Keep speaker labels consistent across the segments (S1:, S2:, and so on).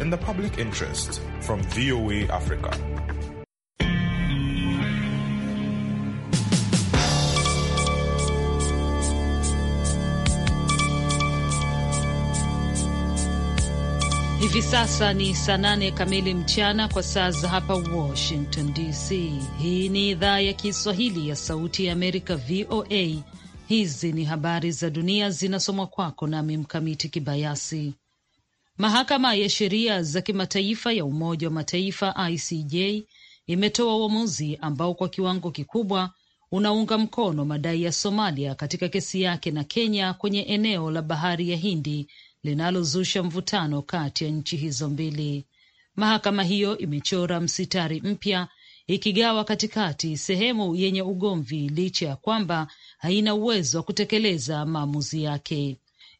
S1: in the public interest from VOA Africa.
S2: Hivi sasa ni saa nane kamili mchana kwa saa za hapa Washington DC. Hii ni idhaa ya Kiswahili ya Sauti ya Amerika, VOA. Hizi ni habari za dunia zinasomwa kwako nami Mkamiti Kibayasi. Mahakama ya Sheria za Kimataifa ya Umoja wa Mataifa ICJ imetoa uamuzi ambao kwa kiwango kikubwa unaunga mkono madai ya Somalia katika kesi yake na Kenya kwenye eneo la Bahari ya Hindi linalozusha mvutano kati ya nchi hizo mbili. Mahakama hiyo imechora msitari mpya ikigawa katikati sehemu yenye ugomvi licha ya kwamba haina uwezo wa kutekeleza maamuzi yake.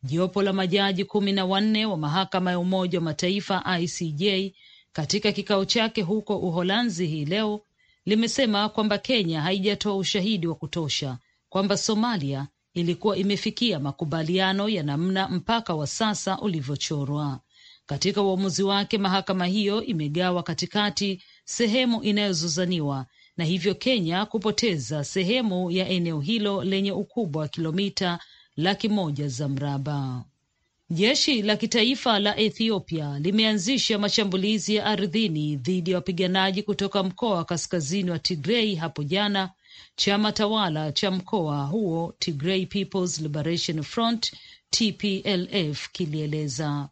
S2: Jopo la majaji kumi na wanne wa mahakama ya Umoja wa Mataifa ICJ katika kikao chake huko Uholanzi hii leo limesema kwamba Kenya haijatoa ushahidi wa kutosha kwamba Somalia ilikuwa imefikia makubaliano ya namna mpaka wa sasa ulivyochorwa. Katika uamuzi wake, mahakama hiyo imegawa katikati sehemu inayozozaniwa na hivyo Kenya kupoteza sehemu ya eneo hilo lenye ukubwa wa kilomita laki moja za mraba. Jeshi la kitaifa la Ethiopia limeanzisha mashambulizi ya ardhini dhidi ya wapiganaji kutoka mkoa wa kaskazini wa Tigrei hapo jana. Chama tawala cha mkoa huo Tigray People's Liberation Front TPLF kilieleza.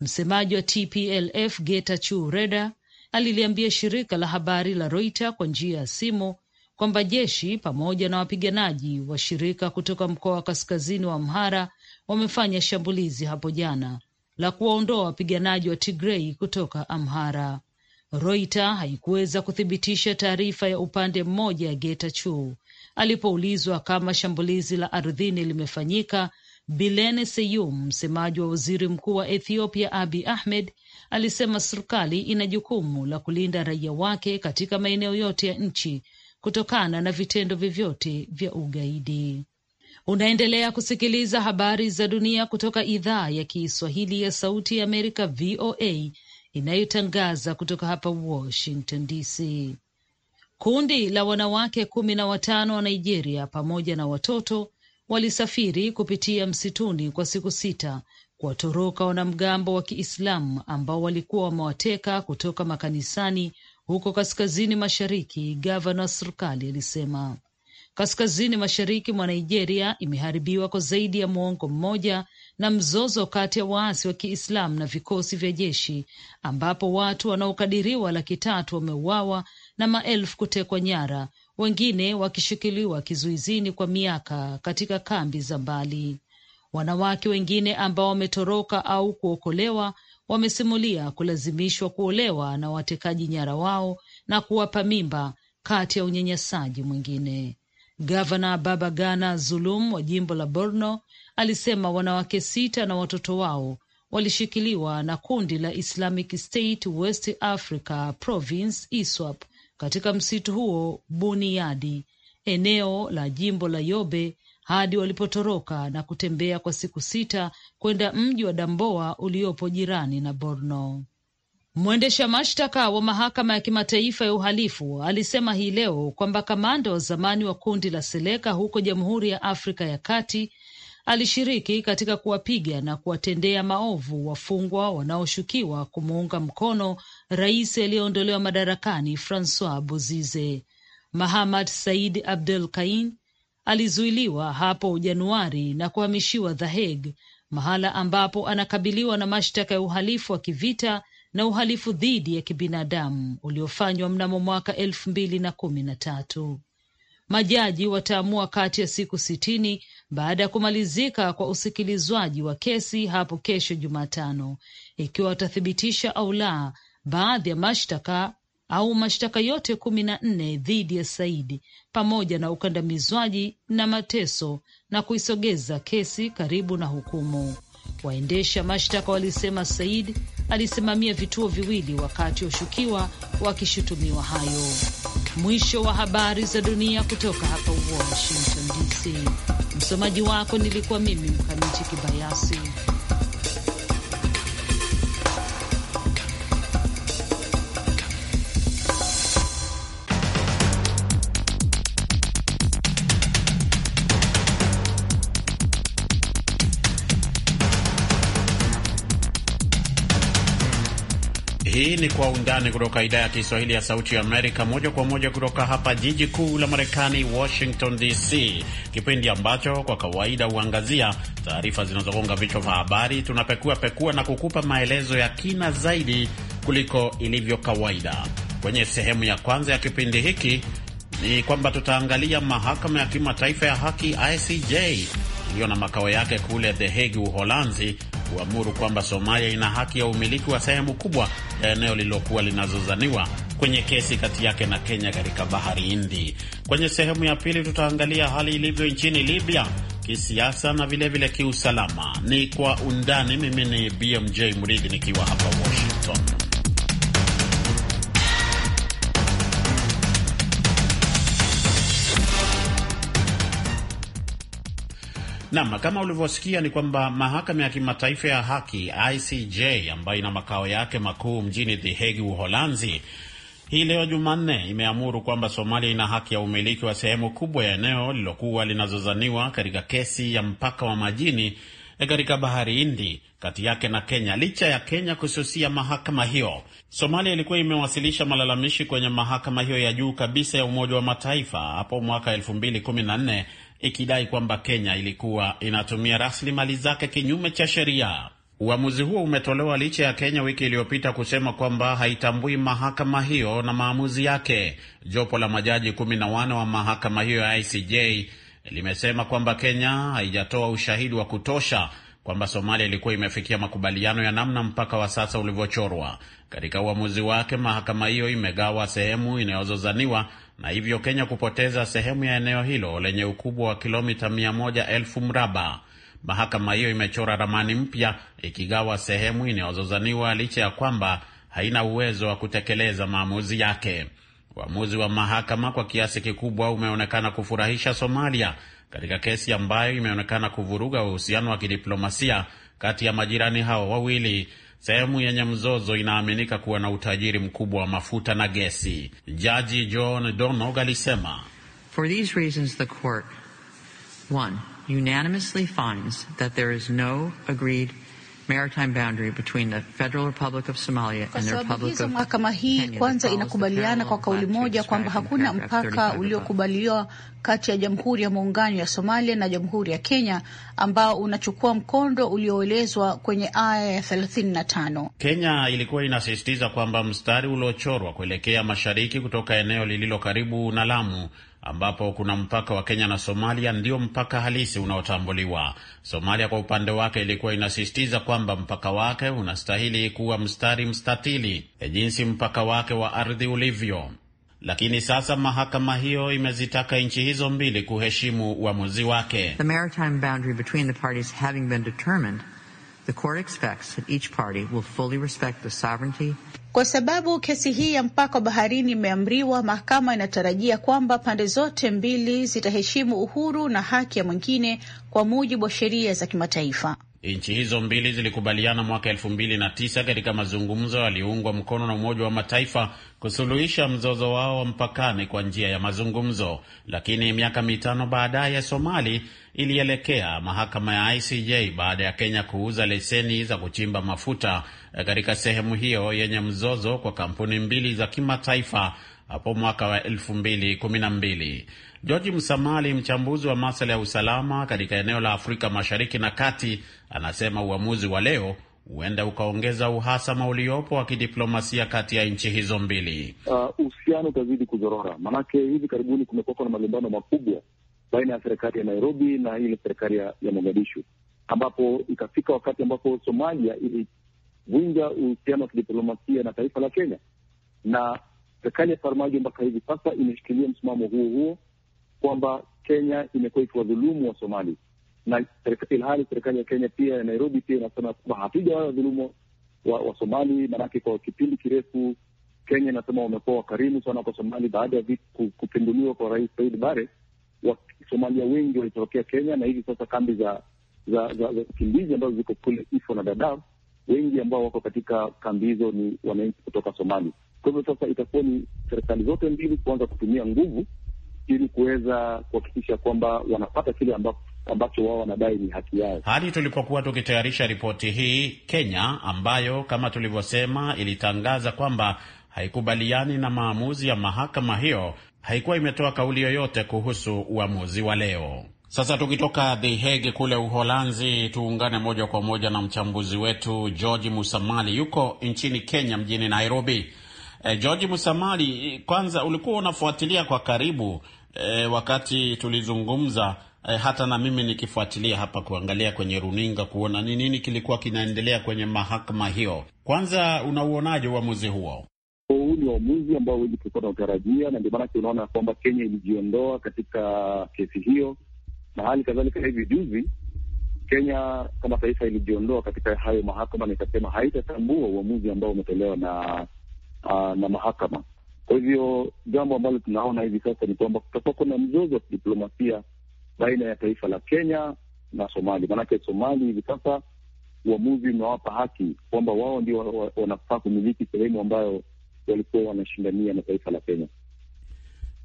S2: Msemaji wa TPLF Getachew Reda aliliambia shirika la habari la Reuters kwa njia ya simu kwamba jeshi pamoja na wapiganaji wa shirika kutoka mkoa wa kaskazini wa Amhara wamefanya shambulizi hapo jana la kuwaondoa wapiganaji wa Tigrei kutoka Amhara. roita haikuweza kuthibitisha taarifa ya upande mmoja ya Getachew. Alipoulizwa kama shambulizi la ardhini limefanyika, Bilene Seyum, msemaji wa waziri mkuu wa Ethiopia Abi Ahmed, alisema serikali ina jukumu la kulinda raia wake katika maeneo yote ya nchi kutokana na vitendo vyovyote vya ugaidi. Unaendelea kusikiliza habari za dunia kutoka idhaa ya Kiswahili ya Sauti ya Amerika, VOA, inayotangaza kutoka hapa Washington DC. Kundi la wanawake kumi na watano wa Nigeria pamoja na watoto walisafiri kupitia msituni kwa siku sita kuwatoroka wanamgambo wa Kiislamu ambao walikuwa wamewateka kutoka makanisani huko kaskazini mashariki, gavana wa serikali alisema kaskazini mashariki mwa Nigeria imeharibiwa kwa zaidi ya muongo mmoja na mzozo kati ya waasi wa Kiislamu na vikosi vya jeshi ambapo watu wanaokadiriwa laki tatu wameuawa na maelfu kutekwa nyara, wengine wakishikiliwa kizuizini kwa miaka katika kambi za mbali. Wanawake wengine ambao wametoroka au kuokolewa wamesimulia kulazimishwa kuolewa na watekaji nyara wao na kuwapa mimba, kati ya unyanyasaji mwingine. Gavana Baba Gana Zulum wa jimbo la Borno alisema wanawake sita na watoto wao walishikiliwa na kundi la Islamic State West Africa Province ISWAP katika msitu huo Buniadi, eneo la jimbo la Yobe hadi walipotoroka na kutembea kwa siku sita kwenda mji wa Damboa uliopo jirani na Borno. Mwendesha mashtaka wa mahakama ya kimataifa ya uhalifu alisema hii leo kwamba kamanda wa zamani wa kundi la Seleka huko Jamhuri ya Afrika ya Kati alishiriki katika kuwapiga na kuwatendea maovu wafungwa wanaoshukiwa kumuunga mkono rais aliyeondolewa madarakani Francois Bozize. Mahamad Said abdul Kain alizuiliwa hapo Januari na kuhamishiwa The Hague mahala ambapo anakabiliwa na mashtaka ya uhalifu wa kivita na uhalifu dhidi ya kibinadamu uliofanywa mnamo mwaka elfu mbili na kumi na tatu. Majaji wataamua kati ya siku sitini baada ya kumalizika kwa usikilizwaji wa kesi hapo kesho Jumatano, ikiwa watathibitisha au la baadhi ya mashtaka au mashtaka yote kumi na nne dhidi ya Saidi pamoja na ukandamizwaji na mateso na kuisogeza kesi karibu na hukumu. Waendesha mashtaka walisema Said alisimamia vituo viwili wakati washukiwa wakishutumiwa hayo. Mwisho wa habari za dunia kutoka hapa Washington DC. Msomaji wako nilikuwa mimi Mkamiti Kibayasi.
S3: Hii ni Kwa Undani kutoka idhaa ya Kiswahili ya Sauti Amerika, moja kwa moja kutoka hapa jiji kuu la Marekani, Washington DC, kipindi ambacho kwa kawaida huangazia taarifa zinazogonga vichwa vya habari. Tunapekua pekua na kukupa maelezo ya kina zaidi kuliko ilivyo kawaida. Kwenye sehemu ya kwanza ya kipindi hiki ni kwamba tutaangalia mahakama ya kimataifa ya haki ICJ iliyo na makao yake kule The Hague, Uholanzi, kuamuru kwamba Somalia ina haki ya umiliki wa sehemu kubwa eneo lililokuwa linazozaniwa kwenye kesi kati yake na Kenya katika bahari Hindi. Kwenye sehemu ya pili tutaangalia hali ilivyo nchini Libya kisiasa na vilevile kiusalama. Ni kwa undani. Mimi ni BMJ Mridhi nikiwa hapa Washington. Naam, kama ulivyosikia ni kwamba mahakama ya kimataifa ya haki ICJ ambayo ina makao yake makuu mjini The Hague, Uholanzi, hii leo Jumanne imeamuru kwamba Somalia ina haki ya umiliki wa sehemu kubwa ya eneo lilokuwa linazozaniwa katika kesi ya mpaka wa majini eh, katika bahari Hindi kati yake na Kenya, licha ya Kenya kususia mahakama hiyo. Somalia ilikuwa imewasilisha malalamishi kwenye mahakama hiyo ya juu kabisa ya Umoja wa Mataifa hapo mwaka 2014 ikidai kwamba Kenya ilikuwa inatumia rasilimali zake kinyume cha sheria. Uamuzi huo umetolewa licha ya Kenya wiki iliyopita kusema kwamba haitambui mahakama hiyo na maamuzi yake. Jopo la majaji kumi na wa mahakama hiyo ya ICJ limesema kwamba Kenya haijatoa ushahidi wa kutosha kwamba Somalia ilikuwa imefikia makubaliano ya namna mpaka wa sasa ulivyochorwa. Katika uamuzi wake, mahakama hiyo imegawa sehemu inayozozaniwa na hivyo Kenya kupoteza sehemu ya eneo hilo lenye ukubwa wa kilomita mia moja elfu mraba. Mahakama hiyo imechora ramani mpya ikigawa sehemu inayozozaniwa licha ya kwamba haina uwezo wa kutekeleza maamuzi yake. Uamuzi wa mahakama kwa kiasi kikubwa umeonekana kufurahisha Somalia katika kesi ambayo imeonekana kuvuruga uhusiano wa kidiplomasia kati ya majirani hao wawili sehemu yenye mzozo inaaminika kuwa na utajiri mkubwa wa mafuta na gesi. Jaji John Donog alisema For these reasons the court, one, unanimously finds that there is no agreed maritime boundary between the Federal Republic of Somalia and the Republic of
S4: mahakama hii kwanza inakubaliana kwa kauli moja kwamba hakuna mpaka uliokubaliwa kati ya Jamhuri ya Muungano ya Somalia na Jamhuri ya Kenya ambao unachukua mkondo ulioelezwa kwenye aya ya 35.
S3: Kenya ilikuwa inasisitiza kwamba mstari uliochorwa kuelekea mashariki kutoka eneo lililo karibu na Lamu ambapo kuna mpaka wa Kenya na Somalia ndio mpaka halisi unaotambuliwa. Somalia kwa upande wake ilikuwa inasisitiza kwamba mpaka wake unastahili kuwa mstari mstatili e, jinsi mpaka wake wa ardhi ulivyo, lakini sasa mahakama hiyo imezitaka nchi hizo mbili kuheshimu uamuzi wake the The court expects that each party will fully respect the sovereignty.
S4: Kwa sababu kesi hii ya mpaka wa baharini imeamriwa, mahakama inatarajia kwamba pande zote mbili zitaheshimu uhuru na haki ya mwingine kwa mujibu wa sheria za kimataifa.
S3: Nchi hizo mbili zilikubaliana mwaka 2009 katika mazungumzo yaliyoungwa mkono na Umoja wa Mataifa kusuluhisha mzozo wao wa mpakani kwa njia ya mazungumzo, lakini miaka mitano baadaye Somali ilielekea mahakama ya ICJ baada ya Kenya kuuza leseni za kuchimba mafuta katika sehemu hiyo yenye mzozo kwa kampuni mbili za kimataifa hapo mwaka wa 2012. George Msamali, mchambuzi wa masuala ya usalama katika eneo la Afrika Mashariki na Kati, anasema uamuzi wa leo huenda ukaongeza uhasama uliopo wa kidiplomasia kati ya nchi hizo mbili.
S5: Ah, uhusiano utazidi kuzorora, maanake hivi karibuni kumekuwa na malumbano makubwa baina ya serikali ya Nairobi na ile serikali ya, ya Mogadishu, ambapo ikafika wakati ambapo Somalia ilivunja uhusiano wa kidiplomasia na taifa la Kenya, na serikali ya Farmajo mpaka hivi sasa imeshikilia msimamo huo huo kwamba Kenya imekuwa ikiwadhulumu wa Somali na ilhali serikali ya Kenya pia ya Nairobi pia inasema kwamba hatuja hatujawahi wadhulumu wa, wa Somali. Maanake kwa kipindi kirefu Kenya inasema wamekuwa wakarimu sana kwa Somali. Baada ya kupinduliwa kwa Rais Said Bare, Wasomalia wengi walitorokea Kenya na hivi sasa kambi za za za wakimbizi ambazo ziko kule Ifo na Dadaab, wengi ambao wako katika kambi hizo ni wananchi kutoka Somali. Kwa hivyo sasa itakuwa ni serikali zote mbili kuanza kutumia nguvu ili kuweza kuhakikisha kwamba wanapata kile ambacho wao wanadai ni haki yao.
S3: Hadi tulipokuwa tukitayarisha ripoti hii, Kenya ambayo kama tulivyosema ilitangaza kwamba haikubaliani na maamuzi ya mahakama hiyo haikuwa imetoa kauli yoyote kuhusu uamuzi wa leo. Sasa tukitoka The Hague kule Uholanzi, tuungane moja kwa moja na mchambuzi wetu George Musamali, yuko nchini Kenya, mjini Nairobi. E, George Musamali, kwanza ulikuwa unafuatilia kwa karibu e, wakati tulizungumza e, hata na mimi nikifuatilia hapa kuangalia kwenye runinga kuona ni nini kilikuwa kinaendelea kwenye mahakama hiyo. Kwanza unauonaje uamuzi huo?
S5: Huu ni uamuzi ambao wengi tulikuwa tunautarajia, na ndio maanake unaona kwamba Kenya ilijiondoa katika kesi hiyo, na hali kadhalika hivi juzi Kenya kama taifa ilijiondoa katika hayo mahakama na ikasema haitatambua uamuzi ambao umetolewa na Ah, na mahakama. Kwa hivyo jambo ambalo tunaona hivi sasa ni kwamba kutakuwa kuna mzozo wa kidiplomasia baina ya taifa la Kenya na Somali, maanake Somali hivi sasa uamuzi umewapa haki kwamba wao ndio wanafaa kumiliki sehemu ambayo walikuwa wanashindania na taifa la Kenya.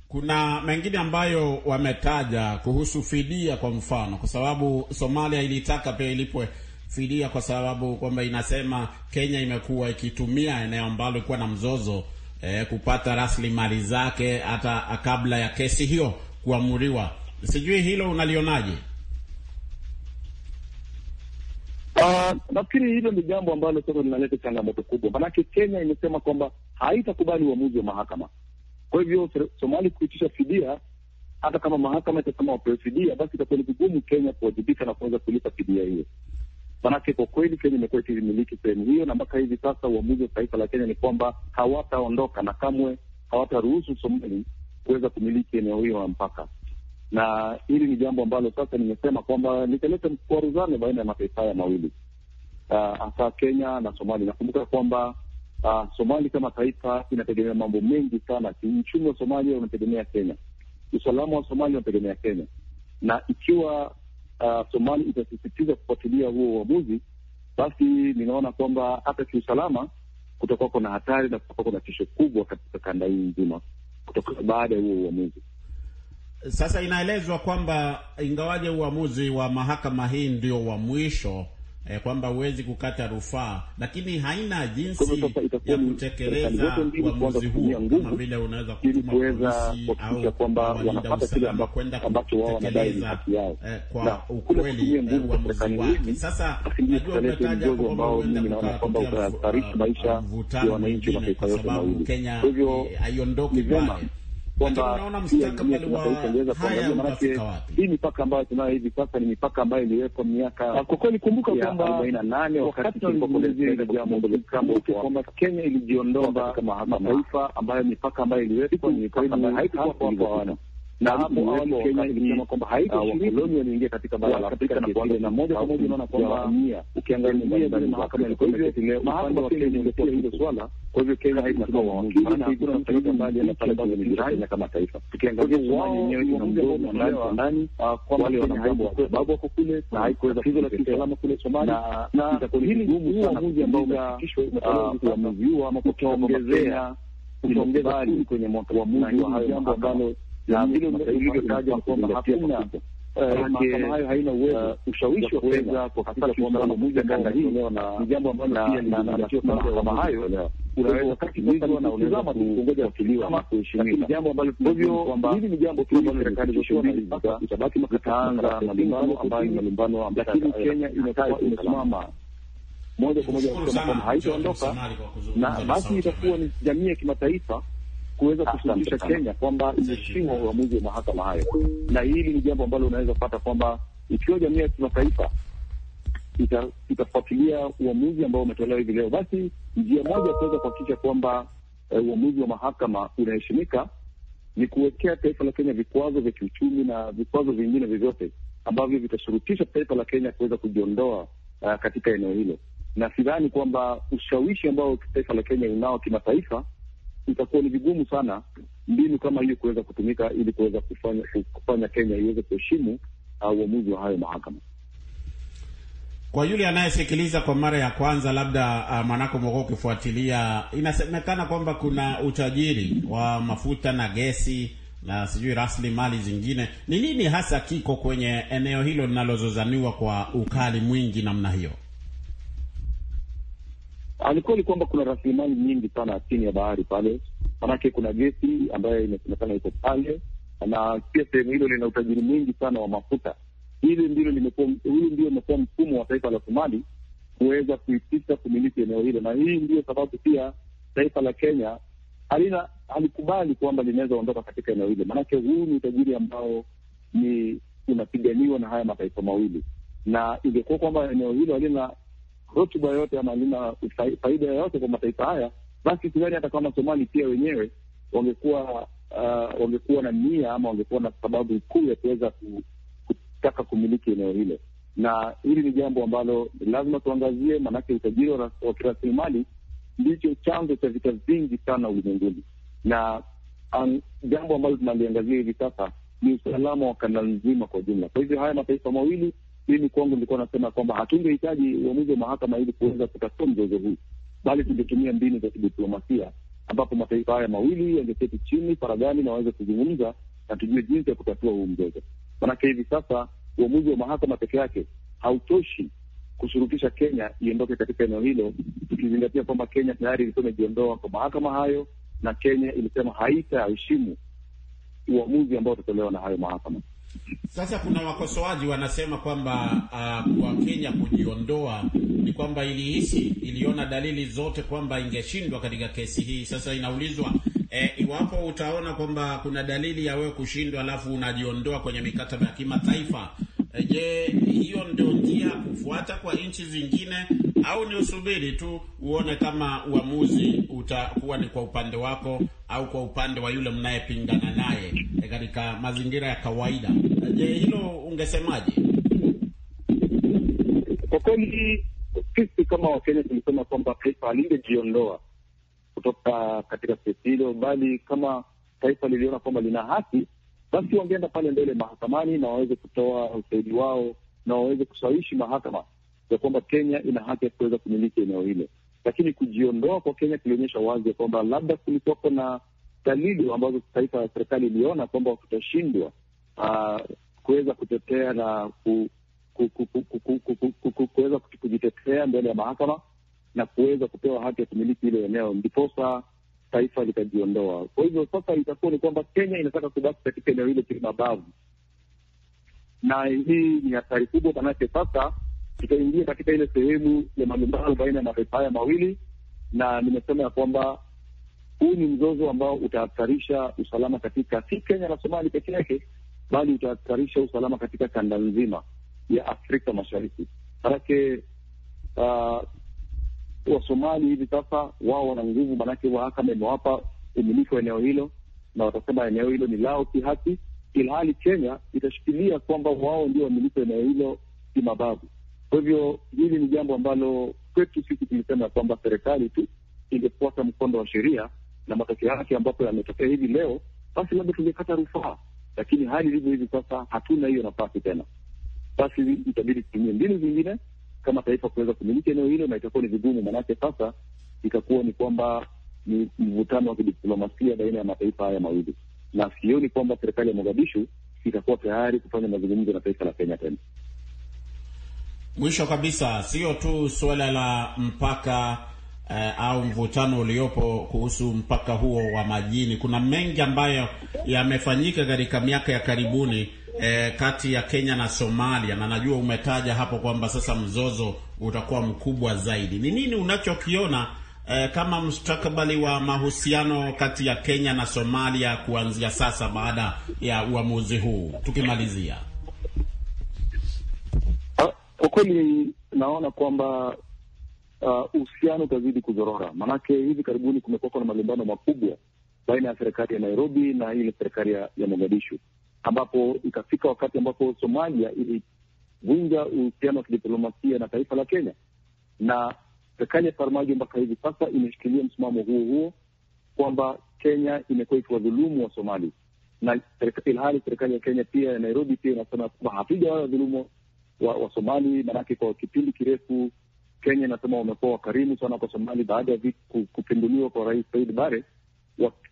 S3: Kuna mengine ambayo wametaja kuhusu fidia, kwa mfano, kwa sababu Somalia ilitaka pia ilipwe fidia kwa sababu kwamba inasema Kenya imekuwa ikitumia eneo ambalo ilikuwa na mzozo eh, kupata rasilimali zake hata kabla ya kesi hiyo kuamuriwa. Sijui hilo unalionaje?
S5: Uh, nafikiri hilo ni jambo ambalo sasa linaleta changamoto kubwa, maanake Kenya imesema kwamba haitakubali uamuzi wa mahakama. Kwa hivyo Somali kuitisha fidia, hata kama mahakama itasema wapewe fidia, basi itakuwa ni vigumu Kenya kuwajibika na kuweza kulipa fidia hiyo. Manake kwa kweli Kenya imekuwa ikimiliki sehemu hiyo, na mpaka hivi sasa uamuzi wa taifa la Kenya ni kwamba hawataondoka na kamwe hawataruhusu Somali kuweza kumiliki eneo hiyo ya mpaka. Na hili ni jambo ambalo sasa nimesema kwamba litaleta mkwaruzano baina ya mataifa haya mawili ah, hasa uh, Kenya na Somali. Nakumbuka kwamba uh, Somali kama taifa inategemea mambo mengi sana. Uchumi wa Somalia unategemea Kenya, usalama wa Somalia unategemea Kenya, na ikiwa uh, Somali itasisitiza kufuatilia huo uamuzi, basi ninaona kwamba hata kiusalama kutakuwa kuna hatari na kutakuwa kuna tisho kubwa katika kanda hii nzima kutoka baada ya huo uamuzi.
S3: Sasa inaelezwa kwamba ingawaje uamuzi wa mahakama hii ndio wa mwisho eh, kwamba huwezi kukata rufaa, lakini haina jinsi ya kutekeleza uamuzi huu kama vile unaweza kutuma polisi au kwamba walinda usalama kwenda kutekeleza eh, kwa ukweli eh, uamuzi wake. Sasa najua umetaja kwamba huenda kukaatokea mvutano
S5: mwingine, kwa sababu Kenya haiondoki pale kwamba hii mipaka ambayo tunayo hivi sasa ni mipaka ambayo iliwekwa miaka kwa kweli, kumbuka kwamba arobaini na nane wakati kwamba Kenya ilijiondoa katika mataifa ambayo mipaka ambayo iliwekwa ni mipaka ambayo haikuwa na hapo awali Kenya ilisema kwamba ah, waliingia katika bara la Afrika na kuanza na moja kwa moja. Unaona kwamba ukiangalia mahakama ilikuwa Kenya, hilo swala kwa hivyo Kenya haina kama na kuna mataifa mbali na kama taifa. Tukiangalia Somalia yenyewe ina mgomo ndani kwa ndani, kwa wale wanamgambo wa sababu wako kule na haikuweza tatizo la kiusalama kule Somalia, na itakuwa ni ngumu sana kuja ambao umefikishwa wa mji huo ama kutoongezea kutoongeza kwenye mwaka wa mji wa hayo jambo ambalo na vile ulivyotaja ni kwamba hakuna eh, mahakama hayo haina eh, uwezo ushawishi wa kuweza kuhakikisha kwamba uamuzi ambao umetolewa na ni jambo ambalo pia linatakiwa mahakama hayo moja kwa moja kusema kwamba haitaondoka, na basi itakuwa ni jamii ya kimataifa kuweza kusuluhisha Kenya kwamba imeheshimu uamuzi wa mahakama hayo, na hili ni jambo ambalo unaweza kupata kwamba ikiwa jamii ya kimataifa itafuatilia uamuzi ambao umetolewa hivi leo, basi njia moja kuweza kuhakikisha kwamba eh, uamuzi wa mahakama unaheshimika ni kuwekea taifa la Kenya vikwazo vya kiuchumi na vikwazo vingine vyovyote ambavyo vitashurutisha taifa la Kenya kuweza kujiondoa uh, katika eneo hilo, na sidhani kwamba ushawishi ambao taifa la Kenya unao kimataifa itakuwa ni vigumu sana mbinu kama hiyo kuweza kutumika ili kuweza kufanya kufanya Kenya iweze kuheshimu ah, uamuzi uh, wa hayo mahakama.
S3: Kwa yule anayesikiliza kwa mara ya kwanza, labda uh, mwanako mwako ukifuatilia, inasemekana kwamba kuna utajiri wa mafuta na gesi na sijui rasilimali zingine. Ni nini hasa kiko kwenye eneo hilo linalozozaniwa kwa ukali mwingi namna hiyo?
S5: Ah, ni kwamba kuna rasilimali nyingi sana chini ya bahari pale, manake kuna gesi ambayo inasemekana iko pale, na pia sehemu hilo lina utajiri mwingi sana wa mafuta Hili ndilo limekuwa, hili ndio imekuwa mfumo wa taifa la Somali kuweza kuitisha kumiliki eneo hilo, na hii ndiyo sababu pia taifa la Kenya halina halikubali kwamba linaweza ondoka katika eneo hilo, maanake huu ni utajiri ambao ni unapiganiwa na haya mataifa mawili, na ingekuwa kwamba eneo hilo halina rutuba yoyote ama halina faida yoyote kwa mataifa haya, basi sidhani hata kama Somali pia wenyewe wangekuwa uh, wangekuwa na nia ama wangekuwa na sababu kuu ya kuweza ku kutaka kumiliki eneo hilo, na hili ni jambo ambalo lazima tuangazie, maanake utajiri wa kirasilimali ndicho chanzo cha vita vingi sana ulimwenguni, na an, um, jambo ambalo tunaliangazia hivi sasa ni usalama wa kanda nzima kwa jumla. Kwa hivyo haya mataifa mawili, mimi kwangu nilikuwa nasema kwamba hatungehitaji uamuzi wa mahakama ili kuweza kutatua mzozo huu, bali tungetumia mbinu za kidiplomasia ambapo mataifa haya mawili yangeketi chini faragani na waweze kuzungumza na tujue jinsi ya kutatua huu mzozo. Manake hivi sasa uamuzi wa mahakama peke yake hautoshi kushurutisha Kenya iondoke katika eneo hilo, tukizingatia kwamba Kenya tayari ilikuwa imejiondoa kwa mahakama hayo, na Kenya ilisema haitaheshimu uamuzi ambao utatolewa na hayo mahakama.
S3: Sasa kuna wakosoaji wanasema kwamba uh, kwa Kenya kujiondoa ni kwamba ilihisi, iliona dalili zote kwamba ingeshindwa katika kesi hii. Sasa inaulizwa E, iwapo utaona kwamba kuna dalili ya wewe kushindwa alafu unajiondoa kwenye mikataba ya kimataifa eh, je, hiyo ndio njia kufuata kwa nchi zingine au ni usubiri tu uone kama uamuzi utakuwa ni kwa upande wako au kwa upande wa yule mnayepingana naye eh, katika mazingira ya kawaida? Je, hilo ungesemaje?
S5: Kwa kweli sisi kama Wakenya tulisema kwamba taifa halingejiondoa kutoka katika kesi hilo, bali kama taifa liliona kwamba lina haki, basi wangeenda pale mbele mahakamani na waweze kutoa ushahidi wao na waweze kushawishi mahakama ya kwamba Kenya ina haki ya kuweza kumiliki eneo hilo. Lakini kujiondoa kwa Kenya kulionyesha wazi ya kwamba labda kulikuwako na dalili ambazo taifa ya serikali iliona kwamba kutashindwa uh, ah, kuweza kutetea na ku, ku, ku, ku, ku, ku, ku, ku, ku, kuweza kujitetea mbele ya mahakama na kuweza kupewa haki ya kumiliki hilo eneo, ndiposa taifa litajiondoa Kwa hivyo sasa itakuwa ni kwamba Kenya inataka kubaki katika eneo hilo kimabavu, na hii ni hatari kubwa, manake sasa tutaingia katika ile sehemu ya malumbano baina ya mataifa haya mawili, na nimesema ya kwamba huu ni mzozo ambao utahatarisha usalama katika si Kenya na Somali peke yake, bali utahatarisha usalama katika kanda nzima ya Afrika Mashariki. Manake uh, wa Somali hivi sasa wao wana nguvu, maanake mahakama imewapa umiliki wa eneo hilo na watasema eneo hilo ni lao kihaki, ilhali Kenya itashikilia kwamba wao ndio wamiliki wa eneo hilo kimabavu. Kwa hivyo hili ni jambo ambalo kwetu sisi tulisema kwamba serikali tu ingefuata mkondo wa sheria na matokeo yake ambapo yametokea hivi leo, basi labda tungekata rufaa, lakini hali ilivyo hivi sasa hatuna hiyo nafasi tena, basi itabidi tutumie mbinu zingine kama taifa kuweza kumiliki eneo hilo, na itakuwa ni vigumu, maanake sasa itakuwa ni kwamba ni mvutano wa kidiplomasia baina ya mataifa haya mawili, na sioni kwamba serikali ya Mogadishu itakuwa tayari kufanya mazungumzo na taifa la Kenya tena.
S3: Mwisho kabisa, sio tu suala la mpaka Uh, au mvutano uliopo kuhusu mpaka huo wa majini. Kuna mengi ambayo yamefanyika katika miaka ya karibuni e, kati ya Kenya na Somalia, na najua umetaja hapo kwamba sasa mzozo utakuwa mkubwa zaidi. Ni nini unachokiona e, kama mustakabali wa mahusiano kati ya Kenya na Somalia kuanzia sasa baada ya uamuzi huu? Tukimalizia
S1: kwa kweli,
S5: naona kwamba uh, uhusiano utazidi kuzorora maanake hivi karibuni kumekuwa na malumbano makubwa baina ya serikali ya Nairobi na ile serikali ya Mogadishu ambapo ikafika wakati ambapo Somalia ilivunja uhusiano wa kidiplomasia na taifa la Kenya, na serikali ya Farmajo mpaka hivi sasa imeshikilia msimamo huo huo kwamba Kenya imekuwa ikiwadhulumu wa Somali na ilhali serikali ya Kenya pia ya Nairobi pia inasema kwamba hapijawawa dhulumu wa, wa Somali. Maanake kwa kipindi kirefu Kenya inasema wamekuwa wakarimu sana kwa Somali. Baada ya kupinduliwa kwa Rais Said Bare,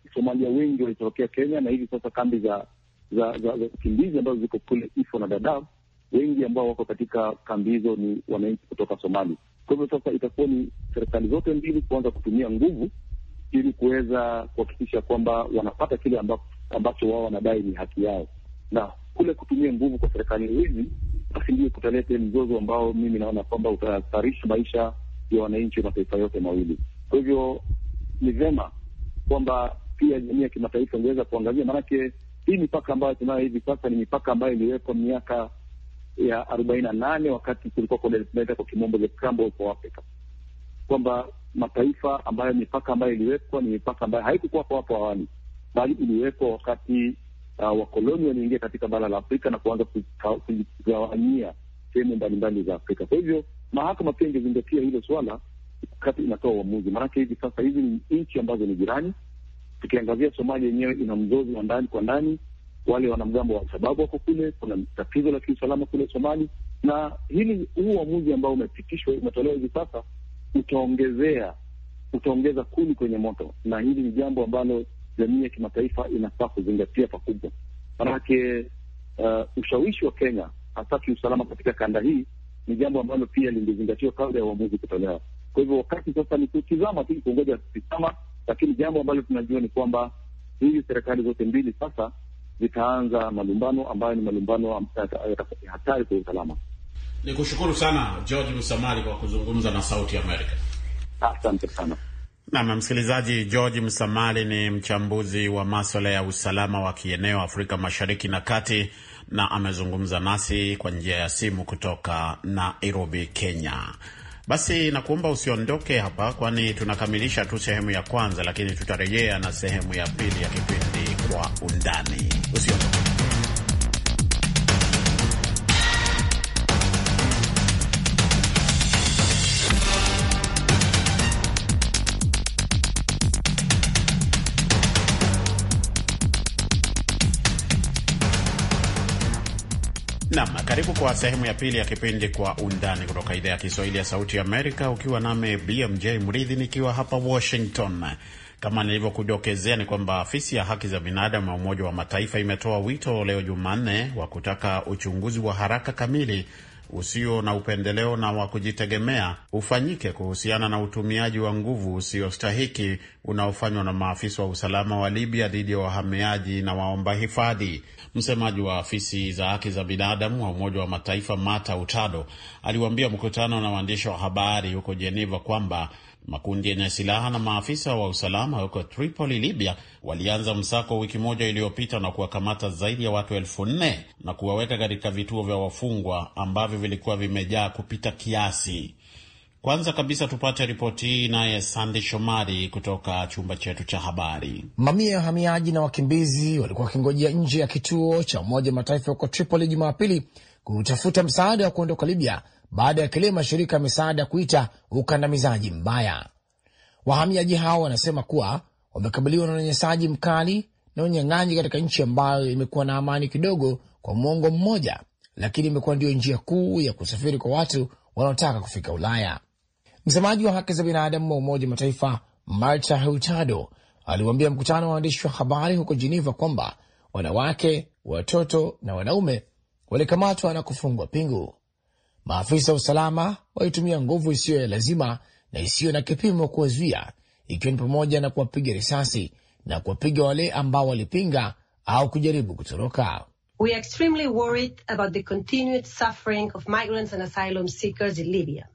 S5: Wasomalia wengi walitorokea Kenya na hivi sasa kambi za za za ukimbizi ambazo ziko kule Ifo na Dadaab, wengi ambao wako katika kambi hizo ni wananchi kutoka Somali. Kwa hivyo sasa itakuwa ni serikali zote mbili kuanza kutumia nguvu ili kuweza kuhakikisha kwamba wanapata kile ambacho wao wanadai ni haki yao, na kule kutumia nguvu kwa serikali hizi basi ndio kutaleta mzozo ambao mimi naona kwamba utahatarisha maisha ya wananchi wa mataifa yote mawili. Kwa hivyo ni vema kwamba pia jamii ya kimataifa ingeweza kuangazia, maanake hii mipaka ambayo tunayo hivi sasa ni mipaka ambayo iliwekwa miaka ya arobaini na nane wakati kulikuwa kunaita kwa kimombo the scramble for Africa, kwamba mataifa ambayo mipaka ambayo iliwekwa ni mipaka ambayo haikukuwapo hapo awali, bali iliwekwa wakati uh, wakoloni waliingia katika bara la Afrika na kuanza kugawanyia sehemu mbalimbali za Afrika. Kwa hivyo mahakama pia ingezingatia hilo swala wakati inatoa uamuzi, maanake hivi sasa hizi ni nchi ambazo ni jirani tukiangazia Somalia yenyewe ina mzozo wa ndani kwa ndani, wale wanamgambo wa Alshababu wako kule, kuna tatizo la kiusalama kule Somali, na hili huu uamuzi ambao umepitishwa umetolewa hivi sasa utaongezea utaongeza kuni kwenye moto, na hili ni jambo ambalo jamii ya kimataifa inafaa kuzingatia pakubwa,
S2: manake
S5: uh, ushawishi wa Kenya hasa kiusalama katika kanda hii ni jambo ambalo pia lingezingatiwa kabla ya uamuzi kutolewa. Kwa hivyo wakati sasa ni kutizama tu, kuongoja kutizama lakini jambo ambalo tunajua ni kwamba hizi serikali zote mbili sasa zitaanza malumbano ambayo ni malumbano hatari kwa usalama.
S3: Ni kushukuru sana George Msamali kwa kuzungumza na Sauti Amerika. Asante sana. Nam msikilizaji, George Msamali ni mchambuzi wa maswala ya usalama wa kieneo Afrika Mashariki na Kati, na amezungumza nasi kwa njia ya simu kutoka Nairobi, Kenya. Basi nakuomba usiondoke hapa, kwani tunakamilisha tu sehemu ya kwanza, lakini tutarejea na sehemu ya pili ya kipindi kwa undani. Usiondoke. Nam, karibu kwa sehemu ya pili ya kipindi Kwa Undani kutoka idhaa ya Kiswahili ya Sauti Amerika, ukiwa nami BMJ Mridhi nikiwa hapa Washington. Kama nilivyokudokezea ni kwamba afisi ya haki za binadamu ya Umoja wa Mataifa imetoa wito leo Jumanne wa kutaka uchunguzi wa haraka kamili usio na upendeleo na wa kujitegemea ufanyike kuhusiana na utumiaji wa nguvu usiostahiki unaofanywa na maafisa wa usalama wa Libya dhidi ya wahamiaji na waomba hifadhi. Msemaji wa afisi za haki za binadamu wa Umoja wa Mataifa Mata Utado aliwaambia mkutano na waandishi wa habari huko Jeneva kwamba makundi yenye silaha na maafisa wa usalama huko Tripoli, Libya walianza msako wiki moja iliyopita na kuwakamata zaidi ya watu elfu nne na kuwaweka katika vituo vya wafungwa ambavyo vilikuwa vimejaa kupita kiasi. Kwanza kabisa tupate ripoti hii naye Sande Shomari kutoka chumba chetu cha habari.
S6: Mamia ya wahamiaji na wakimbizi walikuwa wakingojea nje ya kituo cha Umoja wa Mataifa huko Tripoli Jumapili kutafuta msaada wa kuondoka Libya baada ya kile mashirika ya misaada kuita ukandamizaji mbaya. Wahamiaji hao wanasema kuwa wamekabiliwa na unyanyasaji mkali na unyang'anyi katika nchi ambayo imekuwa na amani kidogo kwa mwongo mmoja, lakini imekuwa ndiyo njia kuu ya kusafiri kwa watu wanaotaka kufika Ulaya. Msemaji wa haki za binadamu wa Umoja Mataifa Marta Hurtado aliwaambia mkutano wa waandishi wa habari huko jeneva kwamba wanawake, watoto na wanaume walikamatwa na kufungwa pingu. Maafisa wa usalama walitumia nguvu isiyo ya lazima na isiyo na kipimo kuwazuia ikiwa ni pamoja na kuwapiga risasi na kuwapiga wale ambao walipinga au kujaribu kutoroka.
S4: We are extremely worried about the continued suffering of migrants and asylum seekers in Libya.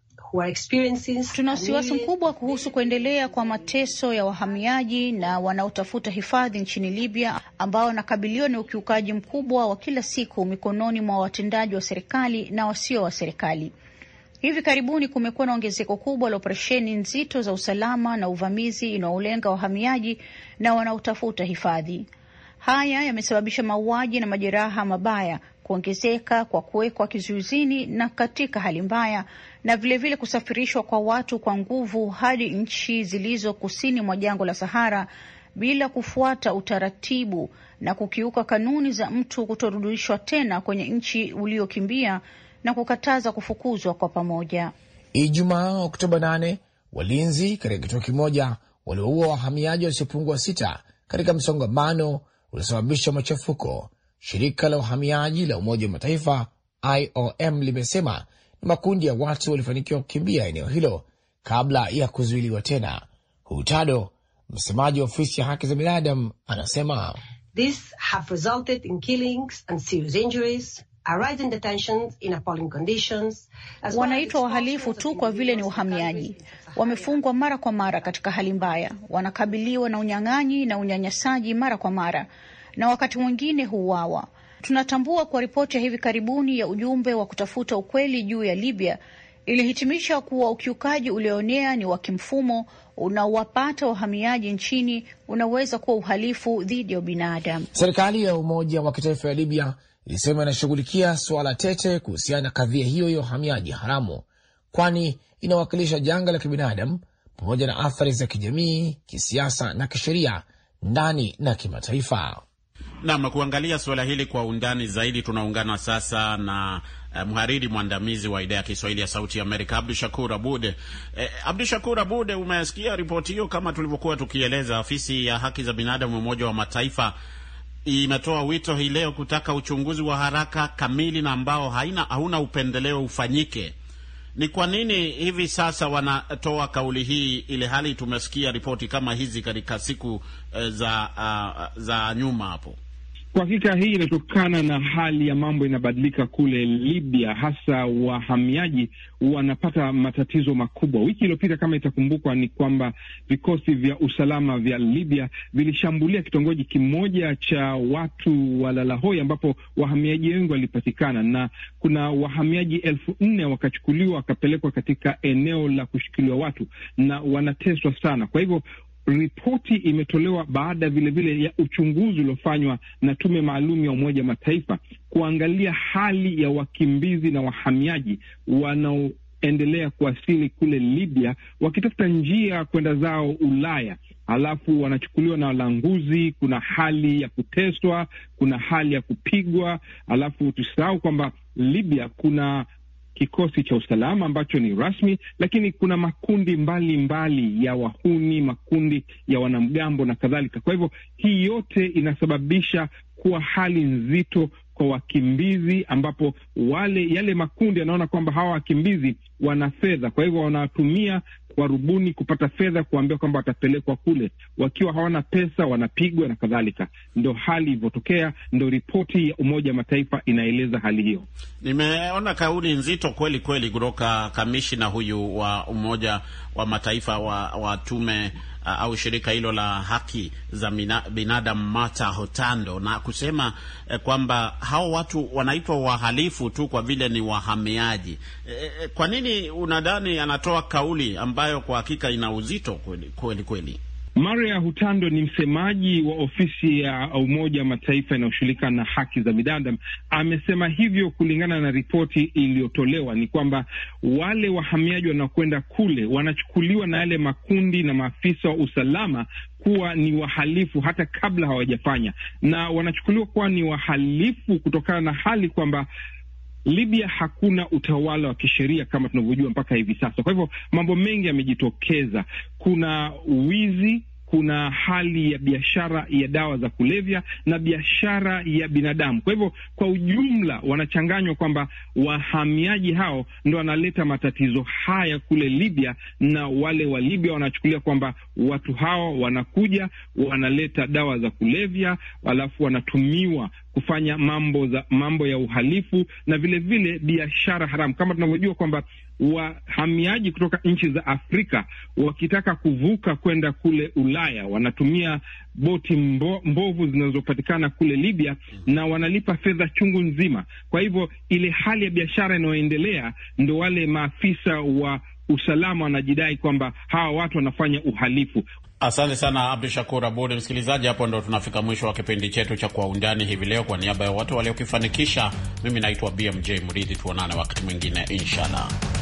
S4: Tuna wasiwasi mkubwa kuhusu kuendelea kwa mateso ya wahamiaji na wanaotafuta hifadhi nchini Libya, ambao wanakabiliwa na ukiukaji mkubwa wa kila siku mikononi mwa watendaji wa serikali na wasio wa serikali. Hivi karibuni kumekuwa na ongezeko kubwa la operesheni nzito za usalama na uvamizi inaolenga wahamiaji na wanaotafuta hifadhi. Haya yamesababisha mauaji na majeraha mabaya kuongezeka kwa kuwekwa kizuizini na katika hali mbaya, na vilevile vile kusafirishwa kwa watu kwa nguvu hadi nchi zilizo kusini mwa jangwa la Sahara bila kufuata utaratibu na kukiuka kanuni za mtu kutorudishwa tena kwenye nchi uliokimbia na kukataza kufukuzwa kwa pamoja.
S6: Ijumaa Oktoba 8 walinzi katika kituo kimoja waliwaua wahamiaji wasiopungua sita katika msongamano uliosababisha machafuko. Shirika la uhamiaji la Umoja wa Mataifa IOM limesema ni makundi ya watu walifanikiwa kukimbia eneo hilo kabla ya kuzuiliwa tena. Hutado, msemaji wa ofisi ya haki za binadamu, anasema
S4: This have resulted in killings and serious injuries. Wanaitwa wahalifu tu kwa vile ni uhamiaji. Wamefungwa mara kwa mara katika hali mbaya, wanakabiliwa na unyang'anyi na unyanyasaji mara kwa mara, na wakati mwingine huuawa. Tunatambua kwa ripoti ya hivi karibuni ya ujumbe wa kutafuta ukweli juu ya Libya ilihitimisha kuwa ukiukaji ulioonea ni wa kimfumo unaowapata wahamiaji nchini unaweza kuwa uhalifu dhidi ya ubinadamu.
S6: Serikali ya Umoja wa Kitaifa ya Libya ilisema inashughulikia suala tete kuhusiana na kadhia hiyo ya uhamiaji haramu, kwani inawakilisha janga la kibinadamu pamoja na athari za kijamii, kisiasa na kisheria ndani na kimataifa.
S3: Nam, kuangalia suala hili kwa undani zaidi, tunaungana sasa na eh, mhariri mwandamizi wa idhaa ya Kiswahili ya Sauti ya Amerika, Abdu Shakur Abud. Eh, Abdu Shakur Abud, umesikia ripoti hiyo. Kama tulivyokuwa tukieleza, afisi ya haki za binadamu Umoja wa Mataifa imetoa wito hii leo kutaka uchunguzi wa haraka kamili na ambao haina, hauna upendeleo ufanyike. Ni kwa nini hivi sasa wanatoa kauli hii ile hali tumesikia ripoti kama hizi katika siku eh, za, ah, za nyuma hapo?
S1: Kwa hakika hii inatokana na hali ya mambo inabadilika kule Libya, hasa wahamiaji wanapata matatizo makubwa. Wiki iliyopita kama itakumbukwa, ni kwamba vikosi vya usalama vya Libya vilishambulia kitongoji kimoja cha watu wa hoi, ambapo wahamiaji wengi walipatikana, na kuna wahamiaji elfu nne wakachukuliwa wakapelekwa katika eneo la kushikiliwa watu na wanateswa sana. Kwa hivyo Ripoti imetolewa baada vilevile ya uchunguzi uliofanywa na tume maalum ya Umoja Mataifa kuangalia hali ya wakimbizi na wahamiaji wanaoendelea kuasili kule Libya, wakitafuta njia kwenda zao Ulaya, alafu wanachukuliwa na walanguzi. Kuna hali ya kuteswa, kuna hali ya kupigwa, alafu tusisahau kwamba Libya kuna kikosi cha usalama ambacho ni rasmi, lakini kuna makundi mbalimbali mbali ya wahuni, makundi ya wanamgambo na kadhalika. Kwa hivyo hii yote inasababisha kuwa hali nzito kwa wakimbizi ambapo wale yale makundi yanaona kwamba hawa wakimbizi wana fedha, kwa hivyo wanawatumia warubuni kupata fedha, kuambia kwamba watapelekwa kule. Wakiwa hawana pesa, wanapigwa na kadhalika. Ndo hali ilivyotokea, ndo ripoti ya Umoja wa Mataifa inaeleza hali hiyo.
S3: Nimeona kauli nzito kweli kweli kutoka kamishina huyu wa Umoja wa Mataifa wa, wa tume uh, au shirika hilo la haki za binadamu mata Hotando, na kusema eh, kwamba hao watu wanaitwa wahalifu tu kwa vile ni wahamiaji eh, eh kwa nini nini unadhani anatoa kauli ambayo kwa hakika ina uzito kweli kweli kweli?
S1: Maria Hutando ni msemaji wa ofisi ya Umoja wa Mataifa inayoshughulika na haki za binadamu. Amesema hivyo kulingana na ripoti iliyotolewa, ni kwamba wale wahamiaji wanaokwenda kule wanachukuliwa na yale makundi na maafisa wa usalama kuwa ni wahalifu hata kabla hawajafanya, na wanachukuliwa kuwa ni wahalifu kutokana na hali kwamba Libya hakuna utawala wa kisheria kama tunavyojua mpaka hivi sasa. Kwa hivyo mambo mengi yamejitokeza, kuna wizi kuna hali ya biashara ya dawa za kulevya na biashara ya binadamu. Kwa hivyo, kwa ujumla, wanachanganywa kwamba wahamiaji hao ndo wanaleta matatizo haya kule Libya, na wale wa Libya wanachukulia kwamba watu hao wanakuja wanaleta dawa za kulevya, alafu wanatumiwa kufanya mambo za mambo ya uhalifu na vilevile biashara haramu, kama tunavyojua kwamba wahamiaji kutoka nchi za Afrika wakitaka kuvuka kwenda kule Ulaya wanatumia boti mbo, mbovu zinazopatikana kule Libya na wanalipa fedha chungu nzima. Kwa hivyo ile hali ya biashara inayoendelea ndo wale maafisa wa usalama wanajidai kwamba hawa watu wanafanya uhalifu. Asante sana
S3: Abdu Shakur Abud. Msikilizaji, hapo ndo tunafika mwisho wa kipindi chetu cha Kwa Undani hivi leo. Kwa niaba ya watu waliokifanikisha, mimi naitwa BMJ Mridhi. Tuonane wakati mwingine, inshallah.